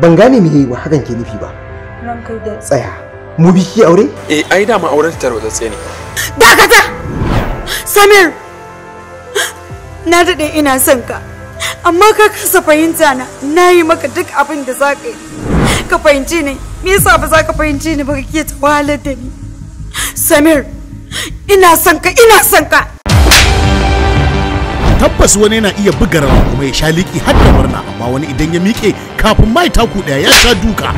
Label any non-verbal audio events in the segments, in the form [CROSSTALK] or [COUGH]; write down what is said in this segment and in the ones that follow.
ban gane me yayi wa hakan ke nufi ba kai da tsaya mu bi shi aure eh ai da ma auren ta tarwatsatse ne dakata samir na dade ina son ka amma ka kasa fahimta na nayi yi maka duk abin da za ka yi ka fahimci ni me yasa ba za ka fahimci ni ba kake ta wahalar da ni samir ina son ka ina son ka tabbas wani na iya buga rawa kuma ya sha liki har da murna amma wani idan ya miƙe kafin mai taku daya ya sha duka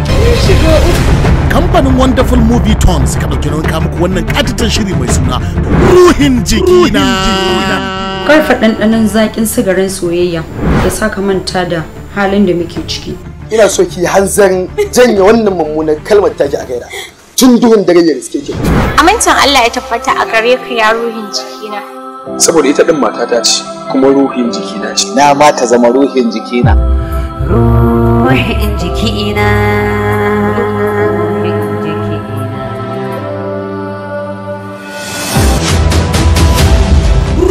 kamfanin wonderful movie ton suka ɗauki nauyin ku wannan katitan shiri mai suna ruhin jikina karfa ɗanɗanon zaƙin sigarin soyayya da saka manta da halin da muke ciki ina so ki hanzarin janye wannan mummunar kalmar taki a gaida tun duhun dare ya riske ke. amincin Allah ya tabbata a gare ka ya ruhin jikina saboda ita din matata ce kuma ruhin jikina ce na ma ta zama ruhin jikina ruhin ruhin jikina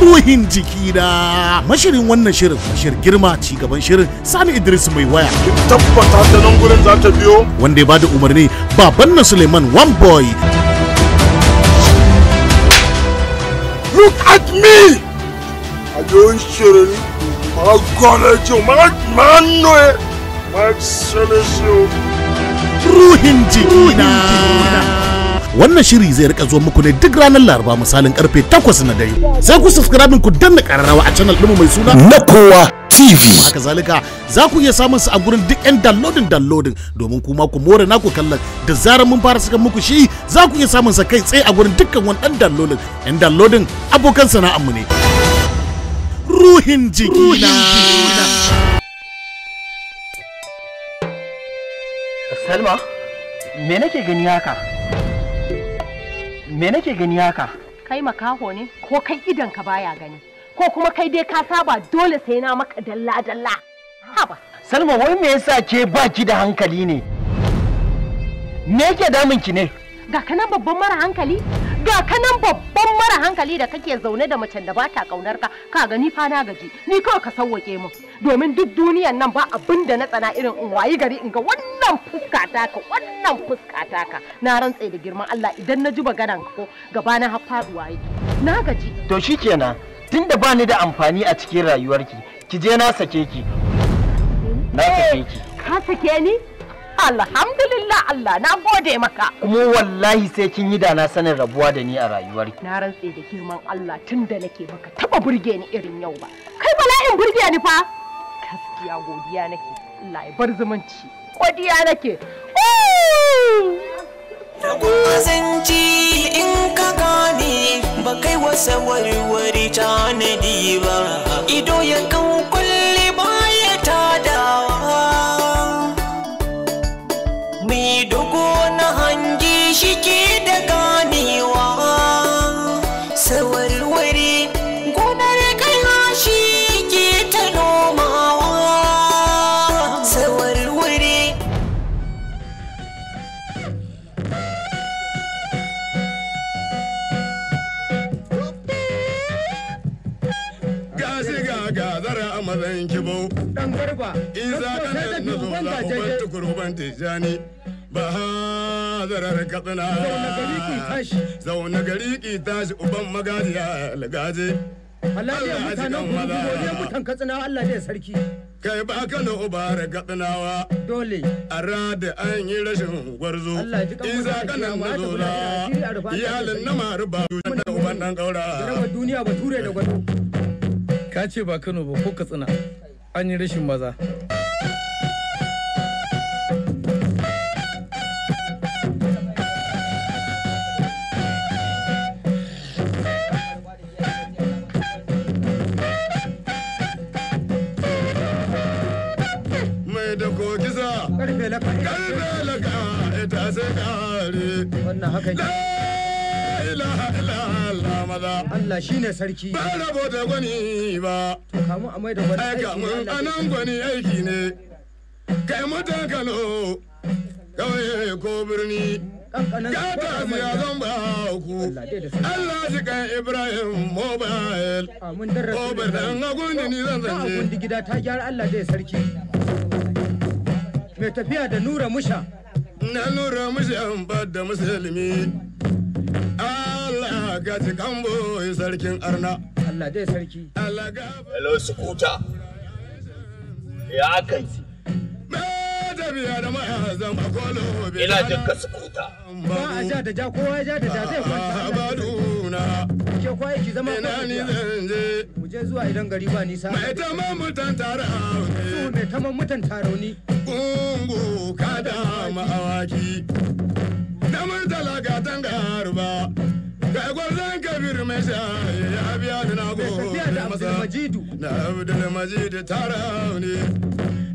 ruhin jikina mashirin wannan shirin mashir girma ci gaban shirin sani idris mai waya tabbata ta nan gurin za ta biyo wanda ya bada umarni baban na suleiman one boy look at me a don't shirin my god my Ruhin wannan shiri zai rika zuwa muku ne duk ranar laraba misalin karfe 8 na dare sai ku subscribe ku danna kararrawa a channel ɗinmu mai suna na kowa tv haka zalika za ku iya samun su a gurin duk yan downloadin downloadin domin kuma ku more na ku kallon da zarar mun fara saka muku shi za ku iya samun sa kai tsaye a gurin dukkan wani dan downloadin yan downloadin abokan sana'armu ne ruhin jikina Salma, me nake gani haka? Me nake gani haka? Kai makaho ne ko kai idan ka baya gani ko kuma kai dai ka saba dole sai na maka dalla dalla. Haba. Salma wai me yasa ke ba ki da hankali ne? Me yake damun ki ne? Ga kana babban mara hankali? ga kanan babban mara hankali da kake zaune da macen da bata kaunar ka ka gani fa na gaji ni kawai ka sawwake min domin duk duniyan nan ba abin da na tsana irin in wayi gari in ga wannan fuska ka wannan fuska taka na rantse da girman Allah idan na ji maganan ko gaba na har faduwa yake na gaji to shikenan tunda ba ni da amfani a cikin rayuwarki ki je na sake ki na sake ki eh, ka sake ni Alhamdulillah Allah na gode maka. Kuma wallahi sai kin yi da na sanin rabuwa da ni a rayuwar. Na rantse da girman Allah tun da nake baka taba burge ni irin yau ba. Kai bala'in burge ni fa. Gaskiya godiya nake. Allah ya bar zumunci. Godiya nake. zanci in ka gane ba kai wasa warware tanadi ba ido ya kawo ba iza kana na zo la uban tukuru ban tijani ba zarar katsina zaune gari ki tashi uban magajiya lagaje Allah ya mutanen gurgu ya mutan katsina Allah ya sarki kai ba ka na ubara gatsinawa dole a rada an yi rashin gwarzo iza za ka nan na zola iyalin na maru ba da uban dan gaura duniya ba ture da gwado ka ce ba kano ba ko katsina an yi rashin maza karfe laka karfe laka ita sai kare wannan haka ne la ilaha illallah maza Allah shi ne sarki. Ba rabo da gwani ba. Kamu a mai da gwani aiki. Kamu a nan gwani aiki ne. Kai mutan Kano, kawai ko birni. Gata siya zan ba ku. Allah shi kan Ibrahim Mobile. Mobile dan agun da ni zan zance. Agun gida ta gyara Allah dai sarki. Mai tafiya da Nura Musha. Na Nura Musha ba da musulmi. ga ci kambo sarkin arna. Allah dai sarki. Allah ga. Hello sukuta. Ya kai. Ina jin ka sukuta. Ba a ja da ja kowa ya ja da ja zai kwanta. Ba duna. Ke kwa yake zama ko ina ni zan je. Mu je zuwa idan gari ba nisa. Mai taman mutan tarauni. Su mai taman mutan tarauni. Gungu kada ma awaki. Na mun talaga tangar ba. ga gwarzon kabir mai shayi ya biya da na gode masa na abdul majidu tara ne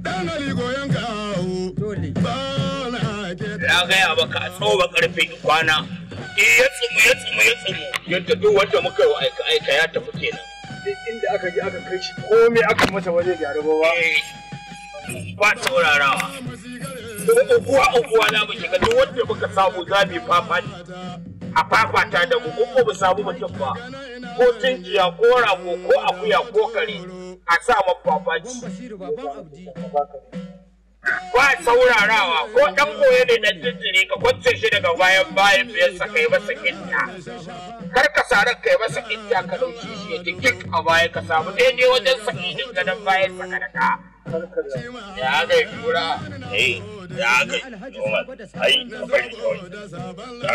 dan ali goyon kawo ba na ke ya gaya baka a tsoba karfe kwana ya tsumu ya tsumu ya tsumu yadda duk wanda muka yi aika aika ya tafi kenan duk inda aka je aka kai shi komai aka masa waje gyaru ba ba taurarawa uguwa uguwa na mu shiga duk wanda muka samu za mu yi fafa ne a fafata da mu ko ba samu mutum ba ko tunkiya ko rago ko akuya ko kare a sa ma fafaci ba saurarawa ko dan koye ne dan jinjiri ka kwance shi daga bayan bayan biyar sa kai masa kinta kar ka sarar kai masa kinta ka dauki shi ya jikin a baya ka samu daidai wajen sakihin ganin bayan sa Ya aka yi kura. Eh, ya aka yi Ai, bari kawai. Ya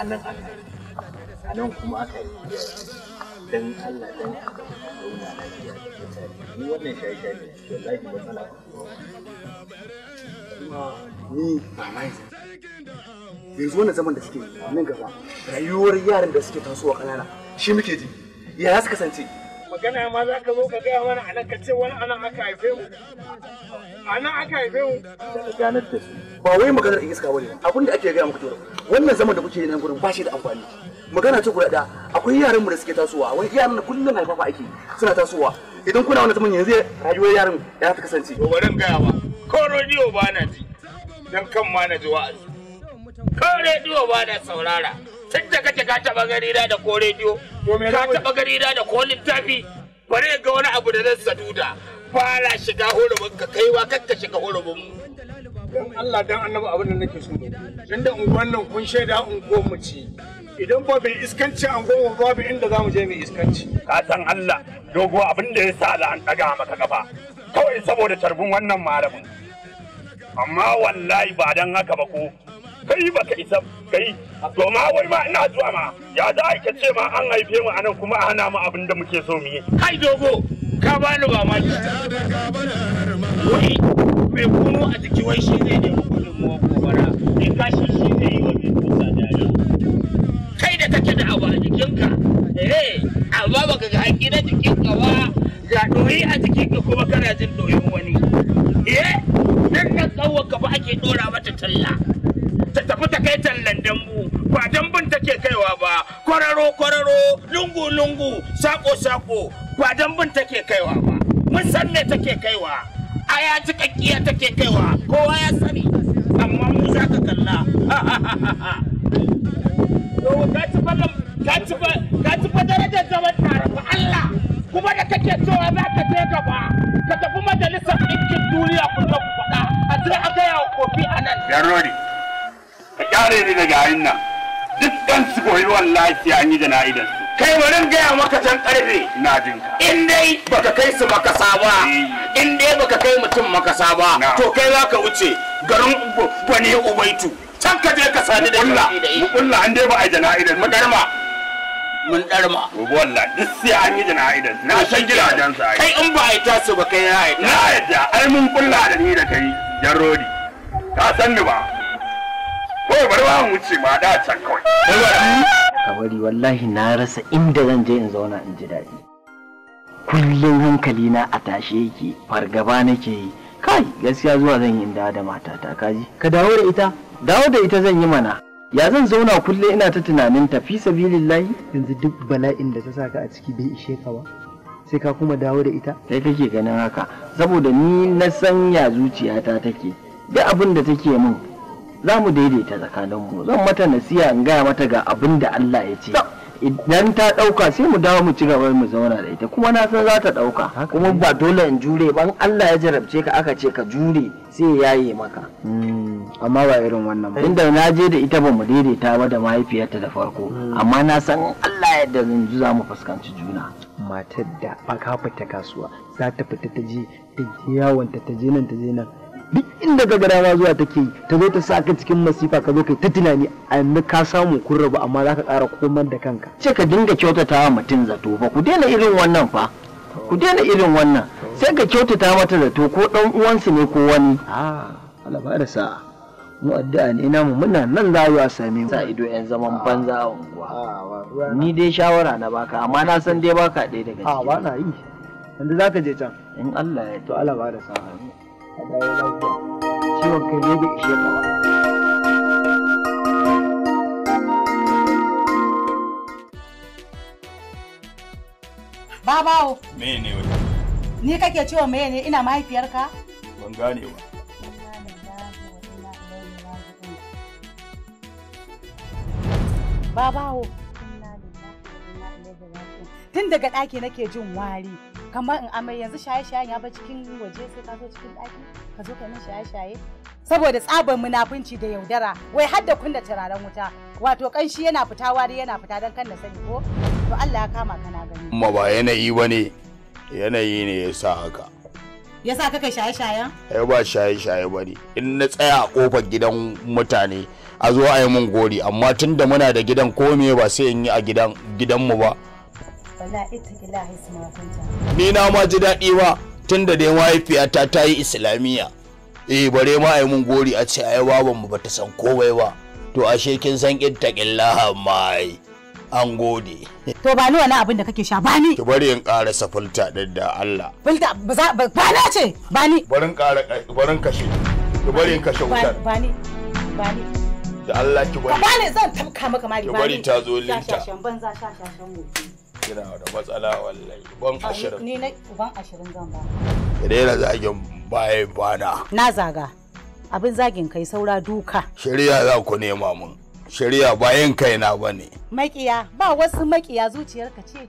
a nan a nan kuma aka yi don Allah don aka wannan matsala ni ba yanzu wannan zaman da suke nan gaba rayuwar yaran da suke tasowa kanana shi muke ji ya su kasance magana ma za ka zo ka gaya mana anan ka ce wani anan aka haife mu anan aka haife mu da ganar da su ba wai maganar iska bane abin da ake gaya muku tura wannan zaman da kuke yi nan gurin ba shi da amfani magana ce guda da akwai yaran mu da suke tasowa wai yaran da kullun haifafa ake suna tasowa idan kuna wani zaman yanzu rayuwar yaran ya ta kasance to bari in gaya ba ko rediyo ba na ji don kan ma na ji wa'azi ko rediyo ba na saurara tun da kake ka taɓa gari da ko rediyo ka taɓa gari da ko littafi ya ga wani abu da zan sadu da fara shiga hurumin ka kaiwa ka shiga hurumin mu don Allah dan annabi abin da nake so dan da unguwan nan kun shaida unguwar mu ce idan ba bai iskanci an goma babu inda za mu je mai iskanci ka san Allah dogo abin da ya sa an daga maka gaba kawai saboda tarbin wannan malamin amma wallahi ba dan haka ba ko kai ba ka isa kai to ma wai ma ina zuwa ma ya za ka ce ma an haife mu anan kuma a hana mu abin da muke so mu yi kai dogo ka bani ba ma wai mai kuno a jiki wai shi ne da gudun mu gobara in kashi shi ne yi wa mai kusa da kai da kake da abu a jikinka Eh, amma baka ga hangi na jikin ka ba ga ɗoyi a jikin ka kuma kana jin ɗoyin wani eh nan kan tsawon ka ba ake ɗora mata talla ta tafi ta kai tallan dambu ba dambun take kaiwa ba kwararo kwararo lungu lungu sako sako ba dambun take kaiwa ba mun san me take kaiwa aya jikakkiya take kaiwa kowa ya sani amma mu za ka kalla [LAUGHS] ka ci ka ci darajar zaman tare ba Allah kuma da kake cewa za ka je gaba ka tafi majalisar ɗinkin duniya ku zo faɗa a sai a gaya wa kofi a nan. Yarori, ka kyare ni daga hannun nan duk ɗan su koyi wallahi sai an yi da na'idan su. Kai bari gaya maka can ƙarfe. Na jin ka. In dai baka kai su makasa ba, eh. in dai baka kai mutum makasa ba, to kai za ka wuce garin gwani ubaitu. Can ka je ka sani da shi da Mu kulla an dai ba a jana'idar mu garma. mun darma Wallah, duk sai an yi da na san gidajen sa kai in ba a yi tasu ba kai na yadda na yadda ai mun kulla da ni da kai jan rodi ka san ni ba Ko bari ba mu wuce ba da can kawai bari wallahi na rasa inda zan je in zauna in ji daɗi kullum hankali na a tashe yake fargaba nake yi kai gaskiya zuwa zan yi inda da matata kaji ka dawo da ita dawo da ita zan yi mana ya zan zauna kulle ina ta tunanin tafi sabilillahi yanzu duk bala'in da ta saka a ciki bai ishe ka ba sai ka kuma dawo da ita sai kake ganin haka saboda ni na sanya zuciyata take duk abin da take min za mu daidaita tsakaninmu zan mata nasiya in gaya mata ga abin da Allah ya ce idan ta ɗauka sai mu dawo mu ci gaba mu zauna da ita kuma na san za ta ɗauka kuma ba dole in jure ban Allah ya jarabce ka aka ce ka jure sai ya yaye maka hmm. amma ba irin wannan ba inda na je da ita ba mu daidaita ba da mahaifiyarta da farko hmm. amma na san Allah yadda yanzu za mu fuskanci juna matar da baka fita kasuwa za ta fita ta je ta yawon ta ta je nan ta je nan duk inda ka gada ma zuwa take yi ta zo ta sa cikin masifa ka zo kai ta tunani a yanzu ka samu kun rabu amma za ka ƙara komar da kanka ce ka dinga kyautata wa mutum zato ba ku daina irin wannan fa ku daina irin wannan sai ka kyautata mata zato ko ɗan uwansu ne ko wani ah. Allah sa'a mu addu'a ne ina mu muna nan za a same mu sa ido yan zaman ah. banza a unguwa ah, ni dai shawara na baka amma na san dai baka ɗaya daga ah, ciki a ba na yi yanzu za ka je can in Allah ya to Allah ba da sa'a ciwon kai ne da ishe ka Babawo. Me ne wata? Ni kake cewa me ne ina mahaifiyarka? Ban ganewa. babawo tun daga ɗaki nake jin wari kamar in amai yanzu shaye-shayen ya bar cikin waje sai ka zo cikin ɗaki ka zo ka min shaye-shaye saboda tsabar munafunci da yaudara wai har da turaren wuta wato kanshi yana fita wari yana fita don kan na sani ko to Allah ya kama ka na gani kuma ba yanayi ba ne yanayi ne ya sa haka ya sa kai shaye-shayen ai ba shaye-shaye ba ne in na tsaya a kofar gidan mutane a zo a yi mun gori amma tun da muna da gidan kome ba sai in yi a gidan gidanmu ba ni na ma ji daɗi ba tun da dai mahaifiyata ta yi islamiyya eh bare ma a yi mun gori a ce ai baban mu bata san komai ba to ashe kin san ittaqillaha mai an gode [LAUGHS] to ba ni wani abin da kake sha ba ni ki bari in ƙara safulta din da Allah filta ba na ce ba ni bari in ƙara bari in kashe ki bari in kashe wutar ba ni ba ni da Allah ki bari ba zan tamka maka mari ba bari ta zo linta shashan sha shashan kina da matsala wallahi ban ashirin ni na ban ashirin zan ba ki daina zagin baye bana na zaga abin zagin kai saura duka shari'a za ku nema mun shari'a ba yin kaina ba ne makiya ba wasu makiya zuciyarka ce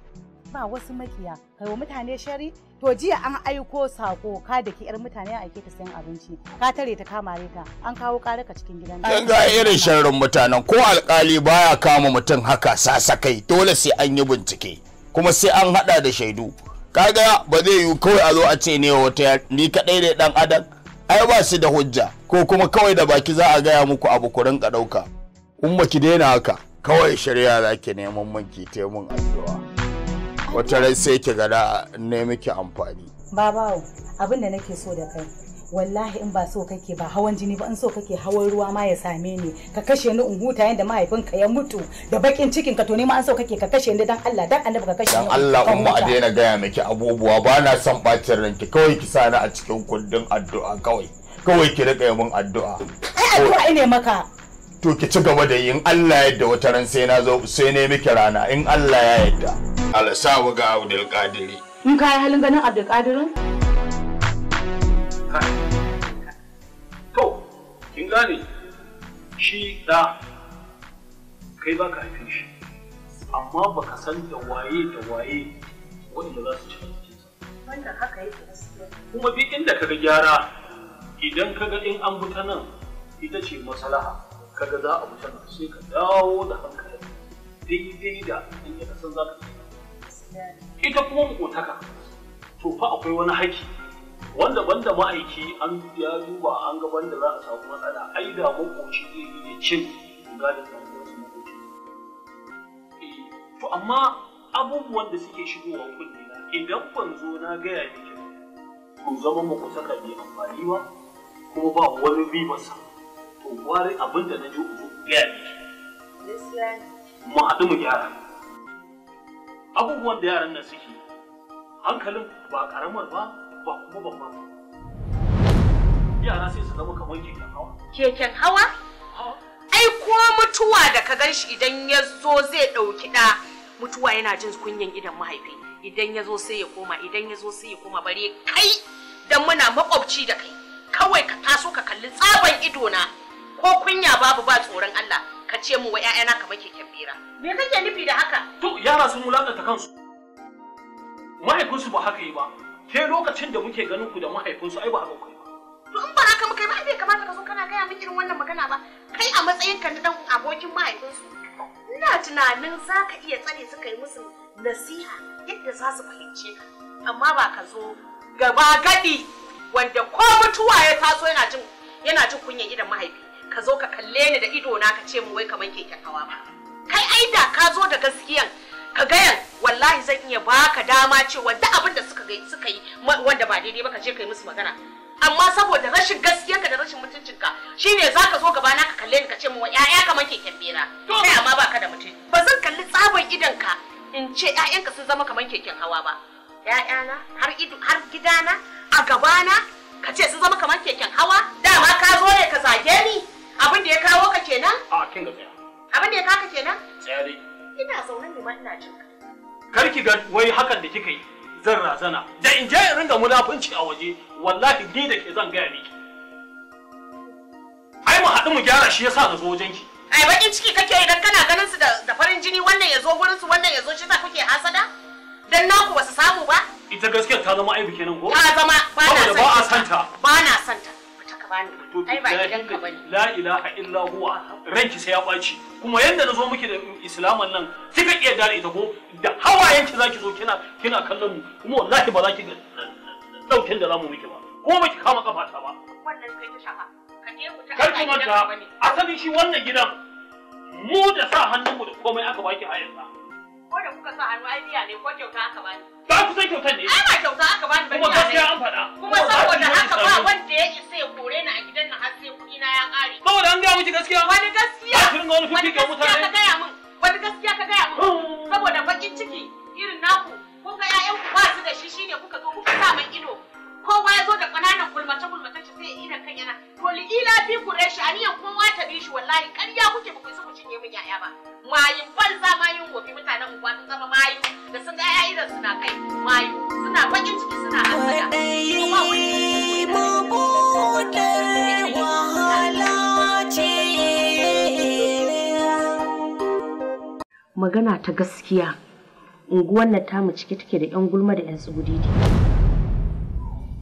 ba wasu makiya kai wa mutane shari'a to jiya an aiko sako ka da ke yar mutane a ta sayan abinci ka tare ta kama ta an kawo karaka cikin gidan ta ga irin sharrin mutanen ko alkali baya kama mutum haka sasakai dole sai an yi bincike kuma sai an hada da shaidu kaga ba zai yi kawai a zo a ce ne wata ni kadai ne dan adam ai ba su da hujja ko kuma kawai da baki za a gaya muku abu ku rinka dauka in daina haka kawai shari'a zaki neman manki mun addu'a wata rai sai ki gada ne miki amfani babawo abin da nake so da kai wallahi in ba so kake ba hawan jini ba in so kake hawan ruwa ma ya same ni ka kashe ni in huta yanda mahaifinka ya mutu da bakin cikin ka to ne ma an so kake ka kashe ni dan Allah dan annabi ka kashe ni dan Allah umma a daina gaya miki abubuwa ba na son bacin ranki kawai ki sani a cikin kundin addu'a kawai kawai ki rika mun addu'a ai addu'a ne maka to ki ci gaba da yin Allah yadda wata ran sai na zo sai ne miki rana in Allah ya yadda alsawa ga Abdul Qadir in kai halin ganin Abdul Qadir to kin gane shi da kai ba ka haifin shi amma ba ka san da waye da waye wanda za su ci abincinsa haka yake kuma duk inda ka ga gyara idan ka ga in an buta nan ita ce maslaha kaga za a wuce nan sai ka dawo da hankali daidai da in ya kasan za ka ita kuma makotaka to fa akwai wani haki wanda banda ma'aiki an ya duba an ga banda za a samu matsala ai da makoci zai yi cin ga da eh, to amma abubuwan da suke shigowa kunne idan ban zo na gaya miki ku zama makotaka bai amfani ba kuma ba wani ribarsa to wari abin da na ji uku gaya mu haɗu mu gyara abubuwan da yaran nan suke hankalin ba karamar ba ba kuma babban ba yara sai su zama kamar keken hawa keken hawa ai ko mutuwa da ka gan shi idan ya zo zai ɗauki ɗa mutuwa yana jin kunyan idan mahaifi idan ya zo sai ya koma idan ya zo sai ya koma bare kai dan muna makwabci da kai kawai ka taso ka kalli tsaban idona ko kunya babu ba tsoron Allah ka ce mu wa ƴaƴana ka keken bera me kake nufi da haka to yara sun ta kansu mahaifinsu ba haka yi ba ke lokacin da muke ganin ku da mahaifinsu ai ba haka ku ba to in ba haka muka yi ba ai bai kamata ka zo kana gaya min irin wannan magana ba kai a matsayin ka na dan abokin mahaifinsu ina tunanin za ka iya tsare suka yi musu nasiha yadda za su fahimce ka amma ba ka zo gaba gadi wanda ko mutuwa ya taso yana jin yana jin kunya idan mahaifi ka zo ka kalle ni da ido na ka ce mu wai kaman keken hawa ba kai ai da ka zo da gaskiyan ka gayan wallahi zan iya baka dama cewa duk abin da suka suka yi wanda ba daidai ba ka je ka yi musu magana amma saboda rashin ka da rashin mutuncinka shine za ka zo gaba na ka kalle ni ka ce mu ya'ya kaman keken bera kai amma baka da mutum ba zan kalli tsaban idan ka in ce ƴaƴanka sun zama kaman keken hawa ba ƴaƴana har ido har gidana a gabana ka ce sun zama kaman keken hawa dama ka zo ne ka zage ni Abin da ya kawo ka kenan? A kin ga Abin da ya kawo ka kenan? Ina zaune ne ma ina jin. Kar ki ga wai hakan da kika yi zan razana. Da in je in ringa munafunci a waje wallahi ni da ke zan gaya miki. Ai mu haɗu mu gyara shi yasa na zo wajen ki. Ai bakin ciki kake idan kana ganin su da farin jini wannan ya zo gurin su wannan ya zo shi sa kuke hasada? Dan naku ba su samu ba? Ita gaskiyar ta zama aibi kenan ko? Ta zama ba na santa. Ba na santa. bani ai ba gidan ka bane la ilaha illa huwa ranki sai ya baci kuma yanda nazo miki da islaman nan kika iya dare ita ko da hawayen ki zaki zo kina kina kallon mu kuma wallahi ba za ki daukin da zamu miki ba ko miki kama kafa ta ba wannan kai ta ka je ku ta kar ki manta asalin shi wannan gidan mu da sa mu da komai aka baki hayansa Ko da kuka sa hannu ai ne ko kyauta aka bani. Ba ku san kyautar ne. Ai ba kyauta aka bani ba biya ne. Kuma gaskiya an faɗa. Kuma saboda haka ba wanda ya isa ya kore ni a gidan nan har sai kuɗi na ya ƙare. Saboda an gaya miki gaskiya. Wani gaskiya. Ba kirin wani fifi ga mutane. ka gaya min. Wani gaskiya ka gaya min. Oh. Saboda bakin ciki irin naku kun ga 'ya'yanku ba su da shi shine kuka zo magana ta gaskiya unguwar nan tamu cike take da 'yan gulma da 'yan tsugudidi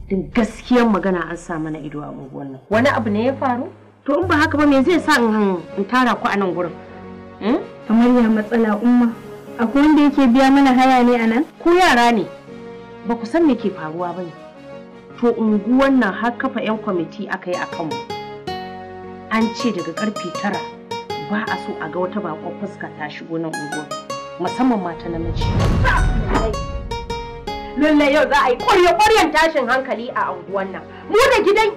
din gaskiyar magana an sa mana ido a unguwar nan wani abu ne ya faru to in ba haka ba me zai sa in tara ku a nan gurin hmm? kamar ya matsala umma akwai wanda yake biya mana haya ne a nan ko yara ne ba ku san me ke faruwa ba ne to unguwar nan har kafa 'yan kwamiti aka yi a kanmu an ce daga karfe tara ba a so a ga wata bakon fuska ta shigo nan unguwar musamman mata namiji lalle yau za a yi ƙwarya ƙwaryan tashin hankali a unguwan nan mu da gidan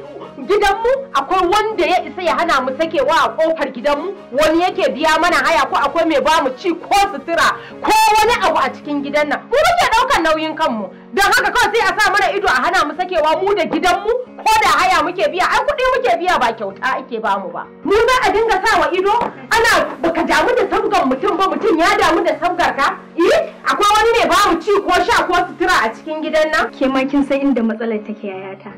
gidanmu akwai wanda ya isa ya hana mu sakewa a kofar gidanmu wani yake biya mana haya ko akwai mai ba mu ci ko sutura ko wani abu a cikin gidan nan mu muke ɗaukar nauyin kanmu don haka kawai sai a sa mana ido a hana mu sakewa mu da gidan mu ko da haya muke biya ai kuɗi muke biya ba kyauta ake ba mu ba mu za a dinga sa wa ido ana baka damu da sabgar mutum ba mutum ya damu da sabgar ka eh akwai wani ne ba mu ci ko sha ko sutura a cikin gidan nan ke ma kin san inda matsalar take yayata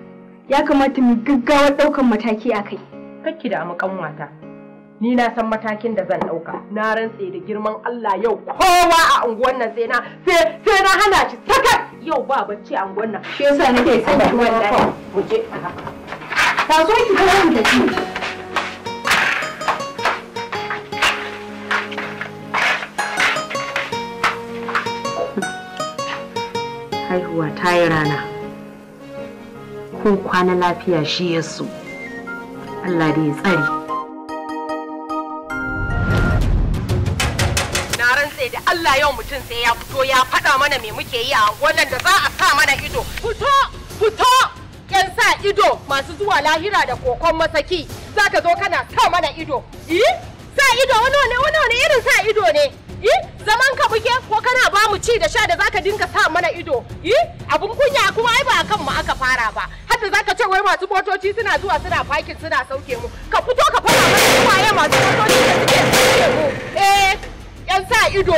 ya kamata mu gaggawa daukan mataki akai kakki da mu kanwata ni na san matakin da zan ɗauka na rantse da girman Allah yau kowa a unguwan nan sai na sai na hana shi saka yau ba bacci a unguwan nan shi yasa nake son ki wallahi guje ta zo ki ga wanda ki haihuwa ta yi rana ko kwana lafiya shi yasu Allah da ya tsare Allah yau mutum sai ya fito ya faɗa mana me muke yi a wannan da za a sa mana ido. Fito! Fito! Yan sa ido masu zuwa lahira da kokon masaki za ka zo kana sa mana ido. Eh? Sa ido wani wani wani wani irin sa ido ne. Eh? Zaman ka muke ko kana ba mu ci da sha da za ka dinka sa mana ido. Eh? Abun kunya kuma ai ba kan mu aka fara ba. Hatta za ka ce wai masu motoci suna zuwa suna fakin suna sauke mu. Ka fito ka fara mana masu motoci da suke sauke mu. Eh? 'yan sa ido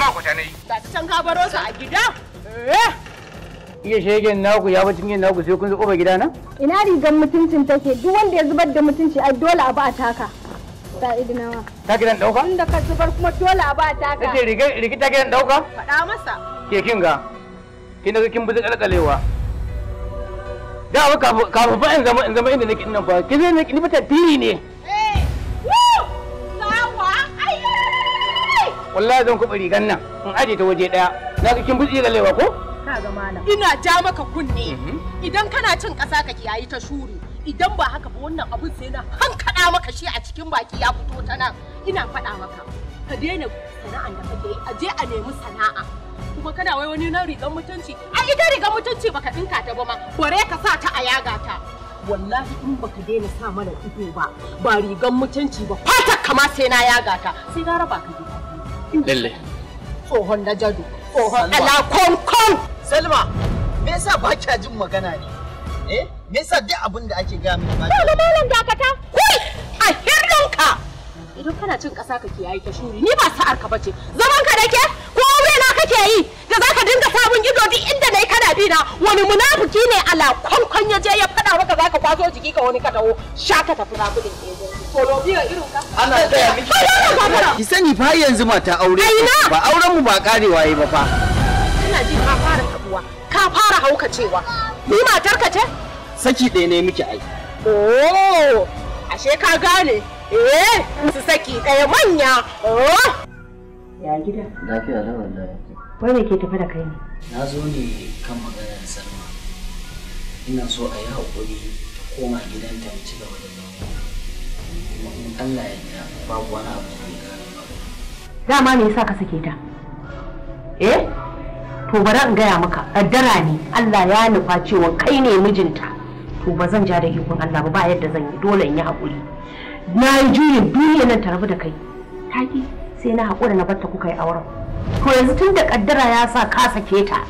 ma ta nayi ta can ka baro su a gida iya shegen naku ya fi cinye naku sai kun zo ƙofar gida na ina rigar mutuncin take duk wanda ya zubar da mutunci ai dole a ba a taka ta idinawa ta gidan dauka inda ka zubar kuma dole a ba a taka kace rigar rigar ta gidan dauka faɗa masa ke kin ga kin daga kin buzu kalkalewa da kafin fa in zama in zama inda nake nan fa kin ne ni fata tiri ne wallahi zan kuɓa rigan nan in aje ta waje ɗaya na ga kin butsi ga lewa ko ka ga malam ina ja maka kunne mhm. idan kana cin ƙasa ka kiyayi ta shuri idan ba haka ba wannan abun sai na hankada maka shi a cikin baki ya fito ta nan ina faɗa maka ka daina sana'an da kake yi a je a nemi sana'a kuma kana wai wani na rigan mutunci a ita rigan mutunci baka dinka ta ba ma bare ka sa ta a yaga ta wallahi in baka daina sa mana ido ba ba rigan mutunci ba fatar kama sai na yaga ta sai gara ba ka gida lalle tsohon na jadu tsohon alakon kon salma me yasa ba kya jin magana ne eh me yasa duk abin da ake gaya miki ba dole malam dakata kai a hirrinka idan kana cin ƙasa kake yayi ta shuri ni ba sa'ar ka bace zaman ka da ke. kake yi da za ka dinga sabon ido duk inda na yi kana bi na wani munafuki ne ala kwankwan ya je ya fada maka za ka kwaso jiki ka wani ka dawo sha ka tafi na kudin ke eh, eh, ana gaya miki ki sani fa yanzu mata aure ba auren mu ba karewa yi ba fa ina ji ka fara kabuwa ka fara haukacewa ni matar ka ce saki ɗaya ne miki ai oh ashe ka gane eh su saki ɗaya manya oh ya gida lafiya da wallahi wai me ke tafi da kai ne na zo ne kan maganar salma ina so a yi haƙuri ta koma gidanta ta ci gaba da zama kuma in allah ya yarda babu wani abu da ya dama me yasa ka sake ta eh to bari in gaya maka addara ne Allah ya nufa cewa kai ne mijinta to ba zan ja da hikun Allah ba ba yadda zan yi dole in yi haƙuri na yi juyin duniya nan ta rabu da kai taki sai na haƙura na batta kuka yi auren to yanzu tun da kaddara ya sa ka sake ta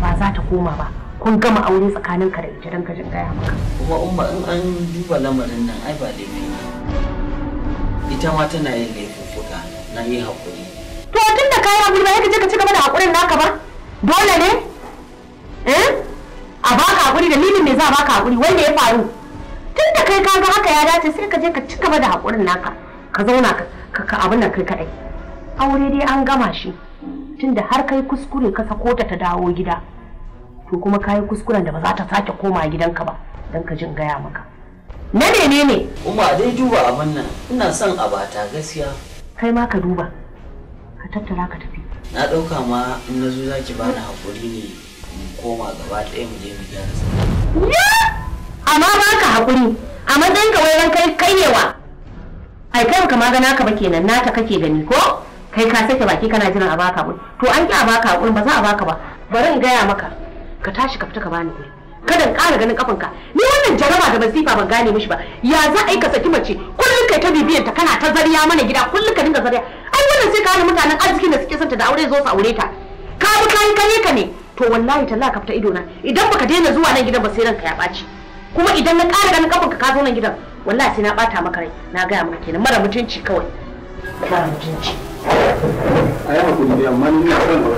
ba za ta koma ba kun gama aure tsakanin ka da ita dan ka gaya maka kuma umma in an duba lamarin nan ai ba laifi ita ma tana yin laifuka na yi hakuri to tun da kayi hakuri ba yake je ka ci gaba da hakurin naka ba dole ne eh a baka hakuri dalilin me za a baka hakuri wanda ya faru tun da kai ka ga haka ya dace sai ka je ka ci gaba da hakurin naka ka zauna ka abin nan kai kadai aure dai an gama shi tunda har kai kuskure ka sako ta ta dawo gida to kuma kai kuskuren da ba za ta sake koma gidanka ba don ka jin gaya maka na ne ne kuma dai duba abin nan ina son a bata gaskiya kai ma ka duba ka tattara ka tafi na ɗauka ma in na zo za ki bani hakuri ne mu koma gaba ɗaya mu je mu gyara amma ba ka haƙuri amma dan ka wai kai kaiyewa ai kai ka magana ka ba kenan nata kake gani ko kai ka sake baki kana jiran a baka kuɗi to an ki a baka kuɗi ba za a baka ba bari in gaya maka ka tashi ka fita ka bani kuɗi kada in ƙara ganin kafanka ni wannan jaraba da masifa ban gane mishi ba ya za a yi ka saki mace kullum kai ta bibiyan ta kana ta zariya mana gida kullum ka dinga zariya ai wannan sai ka hana mutanen arzikin da suke son ta da aure zo su aure ta ka bi kayan kare ka ne to wallahi talla ka fita ido na idan baka daina zuwa nan gidan ba sai ranka ya baci kuma idan na ƙara ganin kafanka ka zo nan gidan wallahi sai na ɓata maka rai na gaya maka kenan mara mutunci kawai mara mutunci a yau kuma biyan mani a yau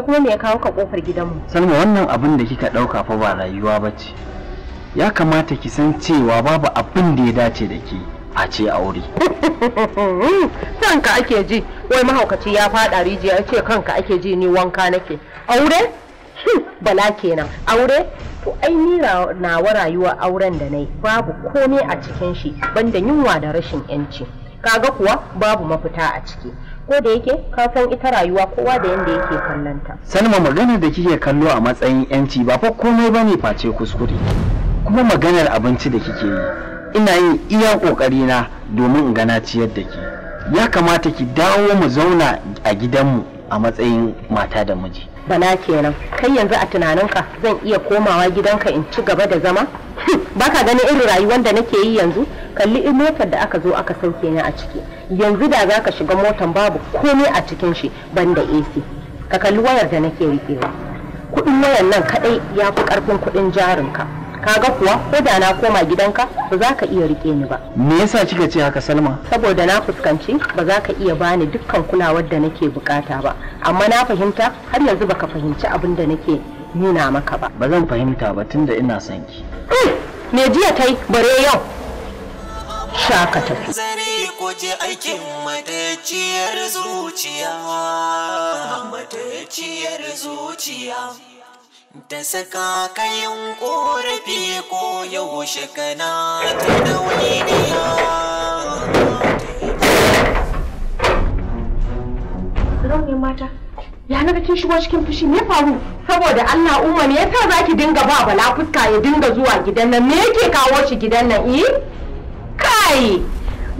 kai kuma me ya kawo ka kofar gidanmu salma wannan abin da kika ɗauka fa ba rayuwa ba ce ya kamata ki san cewa babu abin da ya dace da ke a ce aure [LAUGHS] kanka ake ji wai mahaukaci ya faɗa rijiya ya ce kanka ake ji ni wanka nake aure hmm, bala kenan aure to ai ni nawa rayuwa auren da na babu komai a cikin shi banda yunwa da rashin yanci kaga kuwa babu mafita a ciki ko da yake ka san ita rayuwa kowa da yanda yake kallonta salma maganar da kike kallo a matsayin yanci ba fa komai bane face kuskure kuma maganar abinci da kike yi ina yin iya kokari na domin in gana ciyar da ke ya kamata ki dawo mu zauna a gidanmu a matsayin mata da miji bana kenan kai yanzu a tunaninka zan iya komawa gidanka in ci gaba da zama hmm, baka gani irin rayuwar da nake yi yanzu kalli in motar da aka zo aka sauke ni a ciki yanzu da za ka shiga motan babu komai a cikin shi banda AC ka kalli wayar da nake riƙewa kuɗin wayar nan kaɗai ya fi ƙarfin kuɗin jarinka kaga kuwa ko da na koma gidanka ba za ka iya rike ni ba me yasa kika ce haka salma saboda na fuskanci ba za ka iya bani dukkan kulawar da nake bukata ba amma na fahimta har yanzu baka fahimci abin da nake nuna maka ba ba zan fahimta ba tunda ina son ki eh, me jiya tai bare yau shaka tafi zare ko aikin madaciyar zuciya madaciyar zuciya da saka kayan korafi ko yaushe kana ta da ne mata ya naga kin shigo cikin fushi me faru saboda Allah umma ne yasa zaki dinga ba bala fuska ya dinga zuwa gidan nan me yake kawo shi gidan nan eh kai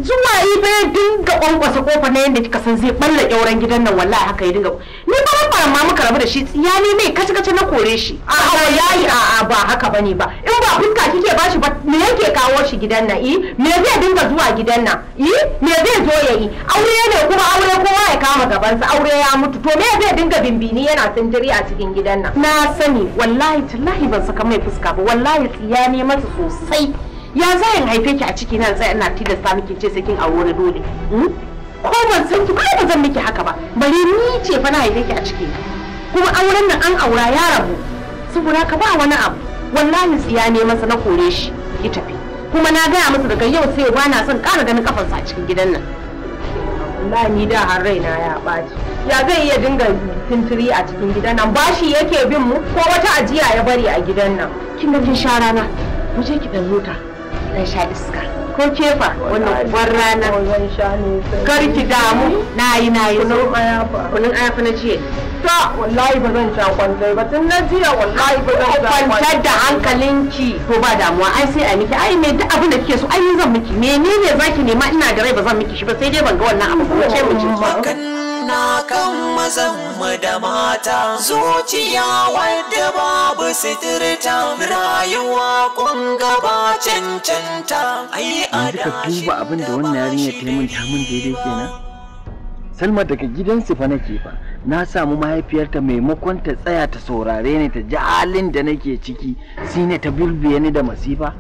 zuwa yi ba dinga kwankwasa kofa na yadda kika san zai balla kyauran gidan nan wallahi haka ya dinga ni ba ban ma muka rabu da shi ya ne mai kace kace na kore shi a a yayi a a ba haka bane ba in ba fuska kike bashi ba me yake kawo shi gidan nan eh me zai dinga zuwa gidan nan eh me zai zo yayi aure ne kuma aure kowa ya kama gaban sa aure ya mutu to me zai dinga bimbini yana sindiri a cikin gidan nan na sani wallahi tallahi ban saka mai fuska ba wallahi tsiya ne masa sosai ya za in haife ki a ciki nan sai ina tilasta miki ce sakin a aure dole hmm? ko ban san ki ba ba zan miki haka ba Bari ni ce fa na haife ki a ciki kuma auren nan an aura ya rabu saboda ka ba wani abu wallahi tsiya ne masa na kore shi ki tafi kuma na gaya masa daga yau sai ba na son kara ganin kafansa a cikin gidan nan wallahi ni da har raina ya baci ya zai iya dinga tintiri a cikin gidan nan bashi yake bin mu ko wata ajiya ya bari a gidan nan kin ga kin sha rana mu je ki dan lota ko kefa wannan uban rana karki damu na yi na yi kunun ayafa na jiya wallahi ba zan sha da hankalinki ko ba damuwa ai sai a miki ai me duk abin da kike so ai zan miki menene zaki nema ina da rai ba zan miki shi ba sai dai ban ga wannan abu ko ce miki na kan mazan mu da mata zuciya wadda babu sitirta rayuwa kun gaba cancanta ai a da duba abin da wannan yarinya ta yi min ta daidai kenan Salma daga su fa nake fa na samu mahaifiyarta maimakon ta tsaya ta saurare ni ta ji halin da nake ciki sine ta bilbiye ni da masifa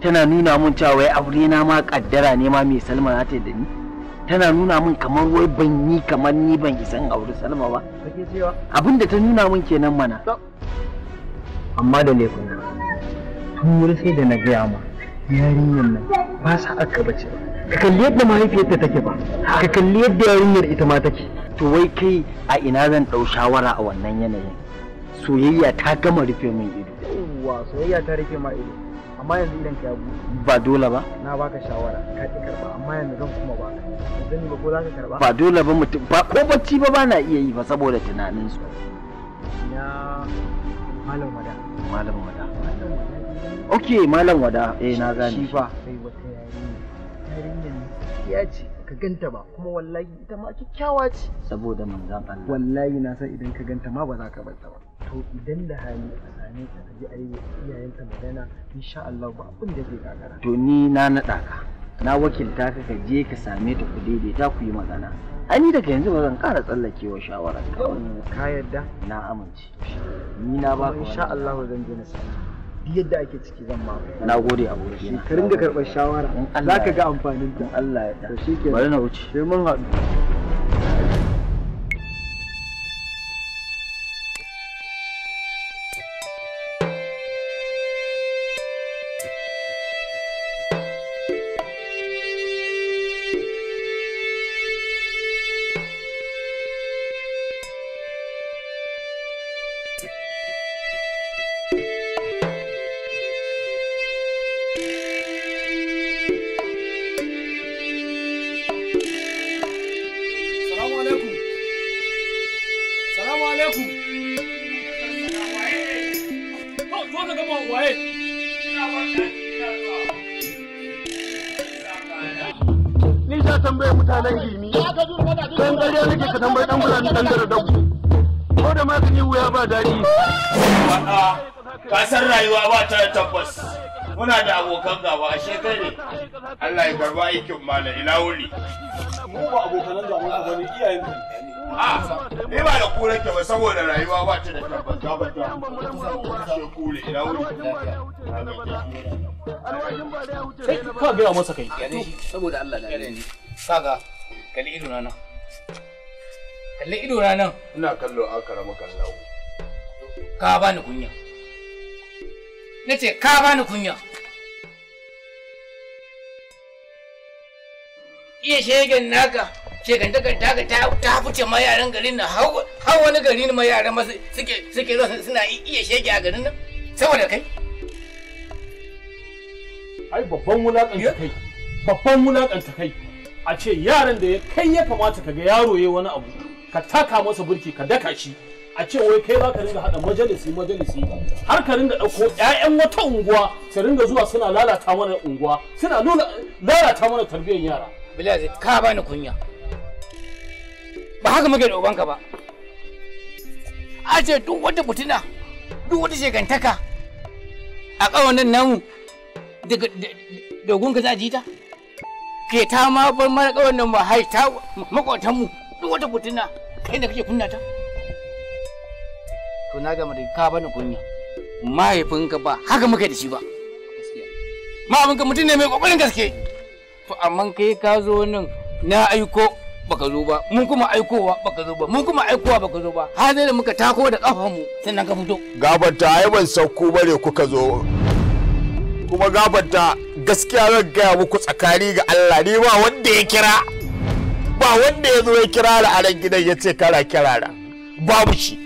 tana nuna mun cewa wai aure na ma kaddara ne ma me Salma za ta yi da ni tana nuna min kamar wai ban yi kamar ni ban isan auri salma ba abinda ta nuna min kenan mana amma da laifin tun wuri sai da na gaya ma yarinyar nan ba sa aka bace ka kalli yadda mahaifiyarta take ba ka kalli yadda yarinyar ita ma take to wai kai a ina zan ɗau shawara a wannan yanayin soyayya ta gama rufe min ido soyayya ta rufe ma ido amma yanzu idan ka yabu ba dole ba na baka shawara ka ki karba amma yanzu zan kuma baka yanzu ba ko za ka karba ba dole ba mutum ba ko bacci ba bana iya yi ba saboda tunanin su na malam wada malam wada ok malam wada eh na gane shi fa sai wata yarinya yarinya ce ka ganta ba kuma wallahi ita ma kyakkyawa ce saboda manzan Allah wallahi na san idan ka ganta ma ba za ka bar ta ba to idan da hali a same ka ka ji a yi iyayenka magana insha Allah ba abin da zai gagara to ni na naɗa ka na wakilta ka ka je ka same ta ku daidaita ku yi magana ani daga yanzu ba zan ƙara tsallakewa shawarar ka ka yarda na amince ni na ba ka insha Allah zan je na sani yadda ake ciki zan ma na gode abokina ka ringa karɓar shawara za ka ga amfanin ta Allah ya ta bari na wuce sai mun haɗu dari ka kasar rayuwa ba ta tabbas muna da abokan gaba a shekare Allah ya karba aikin mala ila wuri mu ba abokan gaban ba ne iyayen ka ne ba da kura ke ba saboda rayuwa ba ta da tabbas ga ba ta shekure ila wuri sai ka ga masa kai saboda Allah da ni saga kalli ido na nan kalli ido na nan ina kallo akara maka lawo ka bani kunya na ce ka bani kunya iya shegen naka shegan ta ta ta fice ma yaran garin nan har wani gari ma yaran ma suke suke zo suna iya shege a garin nan saboda kai ai babban wulakanta kai babban wulakanta kai a ce yaran da kai ya kamata ka ga yaro yayi wani abu ka taka masa burki ka daka shi a ce wai kai za ka ringa haɗa majalisi majalisi har ka ringa ɗauko 'ya'yan wata unguwa su ringa zuwa suna lalata mana unguwa suna lalata mana tarbiyyar yara bilazi ka bani kunya ba haka muke da ubanka ba a ce duk wata butuna duk wata shekantaka a ƙawanin namu daga dogon ka za a ji ta ke ta ma bar mara ƙawanin mu hai ta makwatanmu duk wata butuna kai da kake kunna ta to na gama da ka bani kunya mahaifinka ba haka muka da shi ba mahaifinka mutum ne mai kokarin gaske to amma kai ka zo nan na aiko baka zo ba mun kuma aikowa baka zo ba mun kuma aikowa baka zo ba har da muka tako da kafan mu sannan ka fito gabata ai ban sauko bare kuka zo kuma gabata gaskiya zan gaya muku tsakani ga Allah ne ba wanda ya kira ba wanda ya zo ya kira da aran gidan ya ce kara kirara babu shi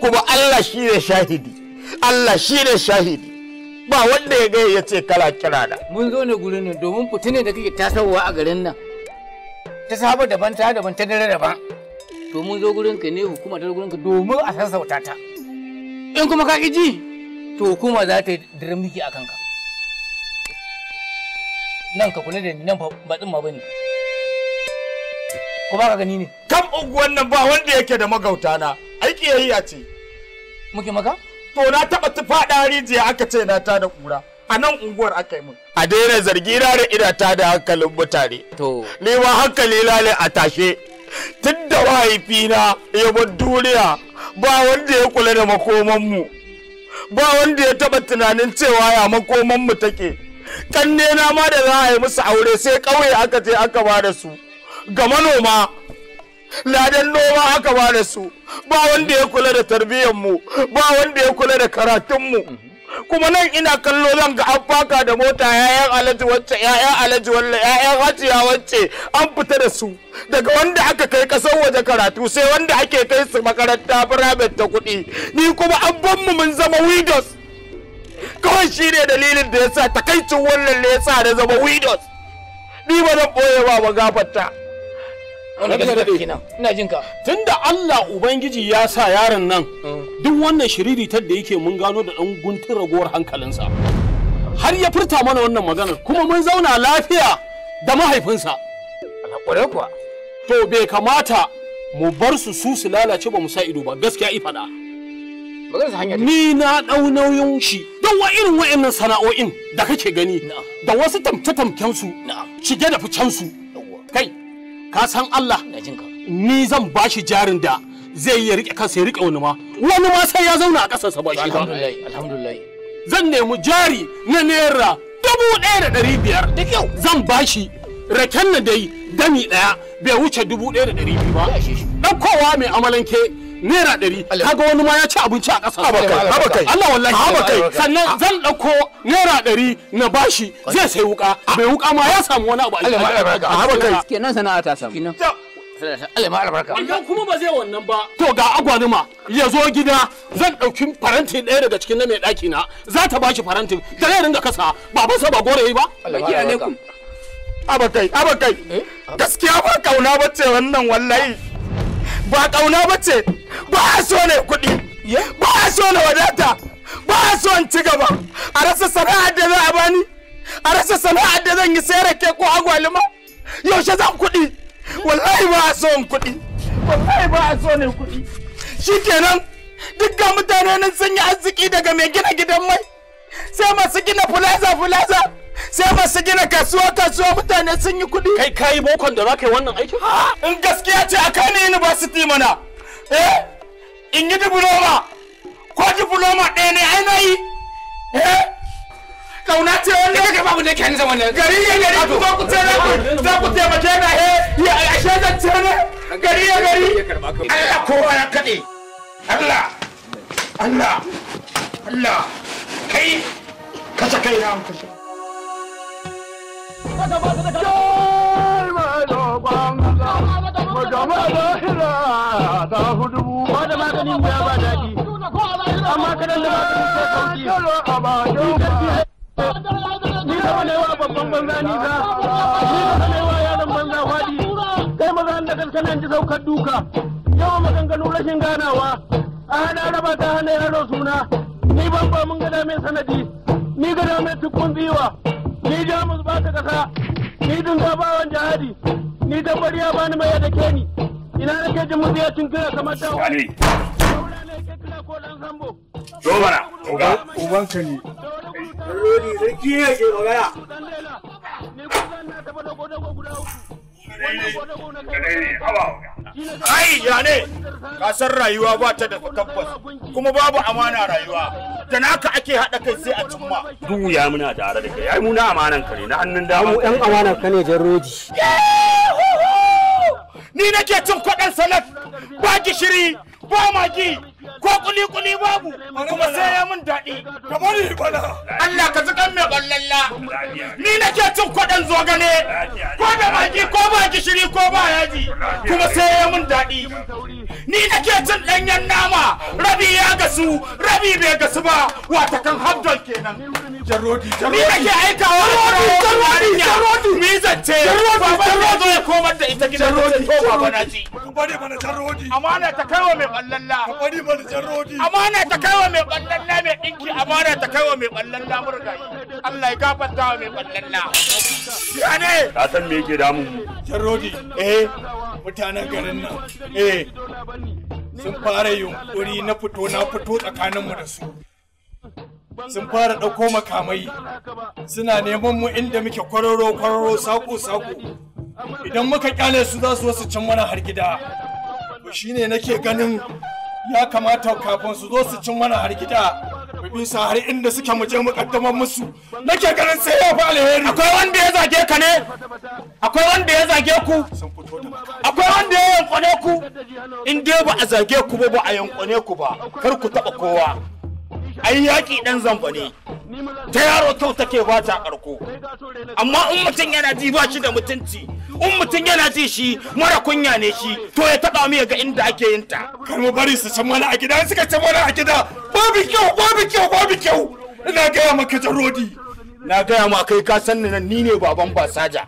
kuma Allah shi ne shahidi Allah shi ne shahidi ba wanda ya gaya ya ce kala kira da mun zo ne gurin nan domin ne da kake tasowa a garin nan ta saba daban ta daban ta dare daban to mun zo gurin ka ne hukuma ta gurin ka domin a sassauta ta in kuma ka ji to hukuma za ta yi miki a kanka nan ka kula da ni nan ba tsumma ba ne ko ba ka gani ne kan unguwan nan ba wanda yake da magautana ai kiyayya ce muke maka to na taba ɗari rijiya aka ce na ta da kura a nan unguwar aka yi mun. a daina zargi na da ina ta da hankalin mutane to ni ma hankali lale a tashe tun da mahaifina ya bar duniya ba wanda ya kula da makomanmu ba wanda ya taɓa tunanin cewa ya makomanmu take kanne na ma da za a yi musu aure sai ƙauye aka je aka ba da su ga manoma ladan noma haka ba da su ba wanda ya kula da tarbiyyar mu ba wanda ya kula da karatun mu kuma nan ina kallo zan ga an faka da mota yayan alaji wacce yayan alaji wallahi yayan hajiya wacce an fita da su daga wanda aka kai kasar waje karatu sai wanda ake kai su makaranta private ta kuɗi ni kuma an ban mu mun zama widows kawai shi ne dalilin da yasa takaicin wannan ne yasa da zama widows ni ba zan ɓoye ba ba gafarta ina jin ka tunda Allah ubangiji ya sa yaron nan hmm. duk wannan shiriritar da yake mun gano da ɗan guntun ragowar hankalinsa har ya furta mana wannan maganar kuma mun zauna lafiya da mahaifinsa alaƙware kuwa to bai kamata mu bar su su su lalace ba mu sa ido ba gaskiya i faɗa ni na ɗau nauyin shi don wa irin wa'annan sana'o'in da kake gani da wasu tamke-tamken su shige da ficen su ka san Allah ni zan ba shi jarin da zai iya rike kansa ya rike wani ma wani ma sai ya zauna a kasarsa ba shi zan nemi jari na naira dubu ɗaya da ɗari biyar duk yau zan ba shi raken na dai dami ɗaya bai wuce dubu ɗaya da ɗari biyu ba ɗaukowa mai amalanke naira ɗari kaga wani ma ya ci abinci a ƙasa haba kai Allah wallahi haba kai sannan zan ɗauko naira ɗari na bashi zai sai wuka bai wuka ma ya samu wani abu a haba kai kenan sana'a ta samu Allah ma albarka. Idan kuma ba zai wannan ba. To ga agwaluma ya zo gida zan ɗauki faranti ɗaya daga cikin na mai ɗaki na za ta bashi farantin da zai ringa kasa ba ba sa ba gore yi ba. Abakai abakai eh? gaskiya ba kauna ba ce wannan wallahi. ba ƙauna bace ce ba a so ne kuɗi ba a so ne wadata ba a so in ci gaba a rasa sana'ar da za a bani a rasa sana'ar da zan yi sai ke ko agwaluma yaushe zan kuɗi wallahi ba a so in kuɗi wallahi ba a so ne kuɗi shikenan dukkan mutane nan sun yi arziki daga mai gina gidan mai sai masu gina fulaza fulaza sai ba su gina kasuwa kasuwa mutane sun yi kuɗi kai kayi bokon da za ka yi wannan aikin in gaskiya ce a kani university mana eh in yi diploma ko diploma ɗaya ne ai na yi eh kauna ce wani ga babu da kyan zaman nan gari ya gari ku zo ku tsere ku za ku taimake na eh ya ashe zan tsere gari ya gari Allah kowa ya kaɗe Allah Allah Allah kai kashe kai na mutum. Jai mai ba daɗi. Amma Ni wa babban banza ni Ni wa yaron banza faɗi. Kai maza da kankanan ji saukar duka. Yawan maganganu rashin ganawa. A hana ta hana yaro suna. Ni ban ba mun gada mai sanadi. Ni gada mai tukun tsiwa. ni jamus ba ta kasa ni dun wan jihadi ni da bariya ba ni mai da ke ni ina nake jin muryacin kira kamar da wani Dobara, ubanka ne. Rodi, sarki ne ke dogara Ni kusan na ba da guda uku. Ai ya kasar rayuwa ba ta da tabbas kuma babu amana rayuwa. Da naka ake haɗa kai sai a cimma. Duhu ya muna tare da kai, ai muna amanan ka ne na hannun dama. Mu ɗan amanan ka ne jarroji. Ni nake cin kwaɗan salat, ba gishiri, ba magi, ko kuli kuli babu kuma sai ya mun daɗi ka bari bala Allah ka zukan mai ballalla ni na ke cin kwaɗan zogale ko da baki ko ba gishiri ko ba yaji kuma sai ya mun daɗi ni na ke cin ɗanyen nama rabi ya gasu rabi bai gasu ba wata kan habdol kenan jarodi jarodi ni kake a jarodi jarodi jarodi ni zance jarodi jarodi ya komar da ita gidan jarodi to baba na ji bari mana jarodi amana ta kaiwa mai ballalla bari mana jarodi amana ta kaiwa mai ballalla mai dinki amana ta kaiwa mai ballalla Allah ya gafarta wa mai ballalla ya ne ka san me yake damun jarodi eh mutanen garin nan eh sun fara yunkuri na fito na fito tsakaninmu da su sun fara ɗauko makamai suna neman mu inda muke kwararo kwararo sako sako idan muka kyale su za su wasu cin mana har gida shine nake ganin ya kamata kafin su zo su cin mana har gida bisa har inda suke mu je mu kaddamar musu nake ganin sai ya fa alheri akwai wanda ya zage ka ne akwai wanda ya zage ku akwai wanda ya yankone ku in dai ba a zage ku ba ba a yankone ku ba kar ku taba kowa ai yaƙi ɗan zamba ne ta yaro kyau take ba ta ƙarko amma in mutum yana ji ba shi da mutunci in mutum yana ji shi mara kunya ne shi to ya taɓa mu ga inda ake yin ta kar mu bari su can mana a gida suka can mana a gida babu kyau babu kyau babu kyau ina gaya maka jarodi na gaya ma kai ka san nan ni ne baban basaja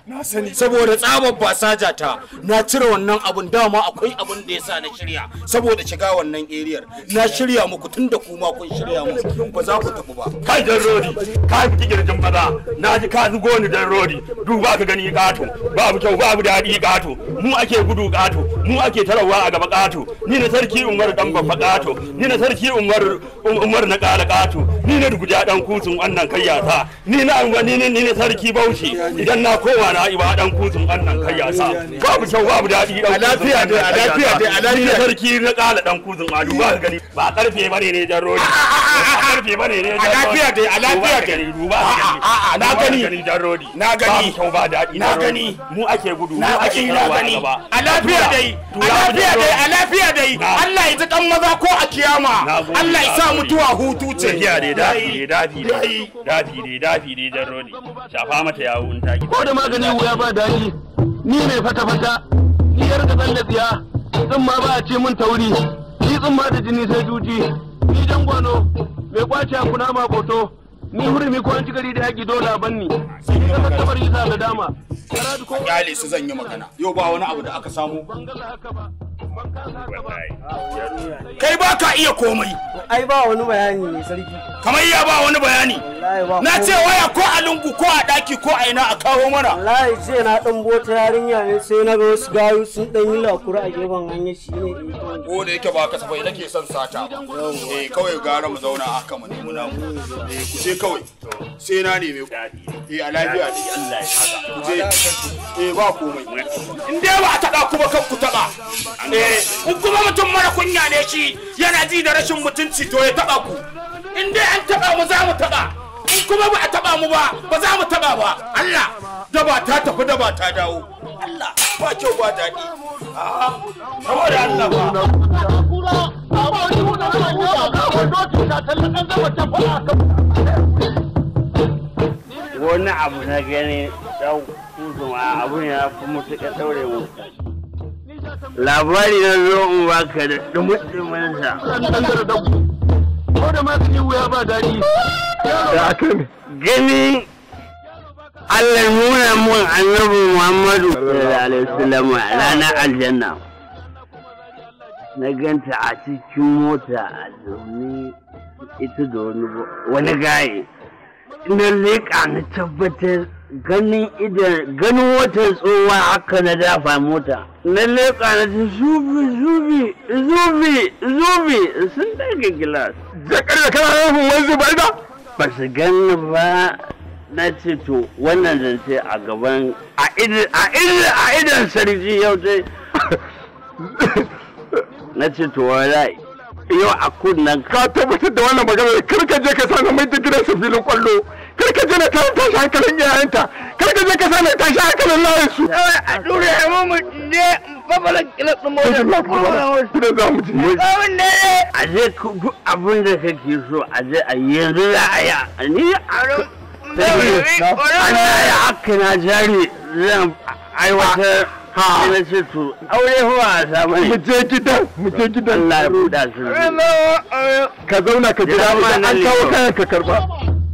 saboda tsabar basaja ta na cire wannan abun dama akwai abun da yasa na shirya saboda shiga wannan eriyar na shirya muku tunda da kuma kun shirya mu ba za ku tafi ba kai dan rodi ka fi maza na ji ka zugo ni dan rodi duba ka gani kato babu kyau babu daɗi kato mu ake gudu kato mu ake tarawa a gaba kato ni na sarki umar dan babba kato ni na sarki umar umar na kala kato ni na duguja dan kusun wannan kayyata ni ina anguwa ni ne ni ne sarki bauchi idan na kowa na iba dan kutun annan kai yasa babu kyau babu dadi dan lafiya dai a lafiya dai a lafiya sarki na kala dan a duba ga gani ba karfe bane ne jan rodi ba karfe bane ne jan rodi a lafiya dai a lafiya dai duba a na gani jan rodi na gani shau ba dadi na gani mu ake gudu mu ake na gani a lafiya dai a lafiya dai a lafiya dai Allah ya ji kan maza ko a kiyama Allah ya sa mutuwa hutu ce dafi dafi dafi dafi dafi asiri shafa mata ya ko da maganin wuya ba daɗi ni mai fata fata ni yar da zan tsiya din ma ba a ce mun tauri ni tsin ma da jini sai juji ni dan gwano mai kwace a kuna ma koto ni hurumi ko an ci gari da yaki dole a banni sai ka tabbar yi da dama kyale su zan yi magana yau ba wani abu da aka samu kai ba ka iya komai ai ba wani bayani ne sarki kamar ya ba wani bayani na ce waya ko a lungu ko a daki ko a ina a kawo mana wallahi ce na dan bota yarinya ne sai na ga wasu gayu sun dan yi lakura a gefen hanya shi ne ko da yake ba ka kasafai nake son sata eh kawai gara mu zauna haka mu nemi namu eh ku je kawai sai na ne eh a lafiya ne Allah ya saka ku je eh ba komai in dai ba ta da kuma kan ku taba eh in kuma mutum mara kunya ne shi yana ji da rashin mutunci to ya taba ku in dai an taba mu za mu taba in kuma ba a taba mu ba ba za mu taba ba Allah daba ta tafi daba ta dawo Allah ba kyau ba daɗi saboda ah, Allah ba wani abu na gani ɗau kuzuma abu ya fi mutuƙa ɗaure mu labari na zo baka da dumudumin sa ba da gani Allah nuna mun annabi Muhammadu sallallahu alaihi ranar aljanna na ganta a cikin mota a ita da wani gaye na leƙa na tabbatar ganin idan ganin watan tsohuwa haka na dafa mota na leƙa na ta zubi zubi zubi zubi sun daga gilas zakar da kana nufin wani zubar da ba su gani ba na ce to wannan zance a gaban a idan sarji yau zai. [LAUGHS] na ce to wala yau a kunnan ka tabbatar da wannan magana kar ka je ka sa na mai da gidansa filin kwallo kar ka je na kawo tashi hankalin yayanta kar ka je ka sa tashi hankalin layin su a dure mu mu je babala kilab din da zamu je abin a je duk abin da kake so a je a yanzu za a ni a ran ya haka na jari zan aiwatar Ha. Ina ce to aure huwa a samu. Mu je gidan, mu je gidan. Allah Ka zauna ka jira mu an kawo kayan ka karba.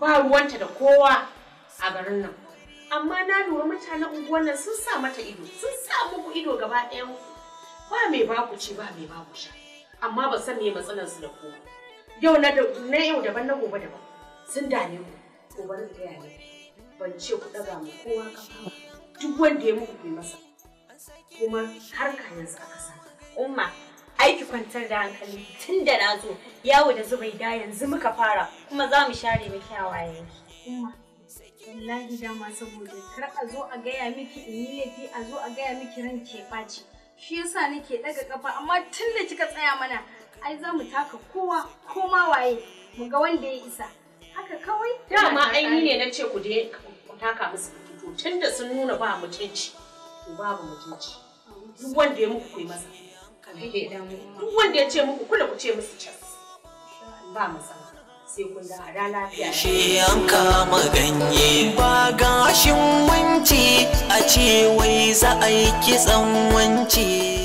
ba ruwanta da kowa a garin nan amma na lura mutanen unguwar nan sun sa mata ido sun sa muku ido gaba ɗayan ba mai baku ce, ba mai baku sha amma ba san me matsalar su da ku yau na na yau daban na gobe daban sun dame ku gobe da yaya ban ce ku daga mu kowa kafa duk wanda ya muku bai masa kuma har kayan sa aka sa umma aiki kwantar da hankali tun da na zo yawo da zubai da yanzu muka fara kuma za mu share miki hawaye wallahi dama saboda kar a zo a gaya miki in yi laifi a zo a gaya miki ran ke ɓaci shi yasa nake ɗaga kafa amma tun da kika tsaya mana ai za mu taka kowa ko ma waye mu ga wanda ya isa haka kawai dama aini ne na ce ku je ku taka musu tun da sun nuna ba mutunci to babu mutunci duk wanda ya muku kai masa Duk wanda ya ce muku kula ku ce musu cas. Ba matsala. Sai kun da hada lafiya. Shi an kama ganye ba gashin wanci a ce wai za a yi kitsan wanci.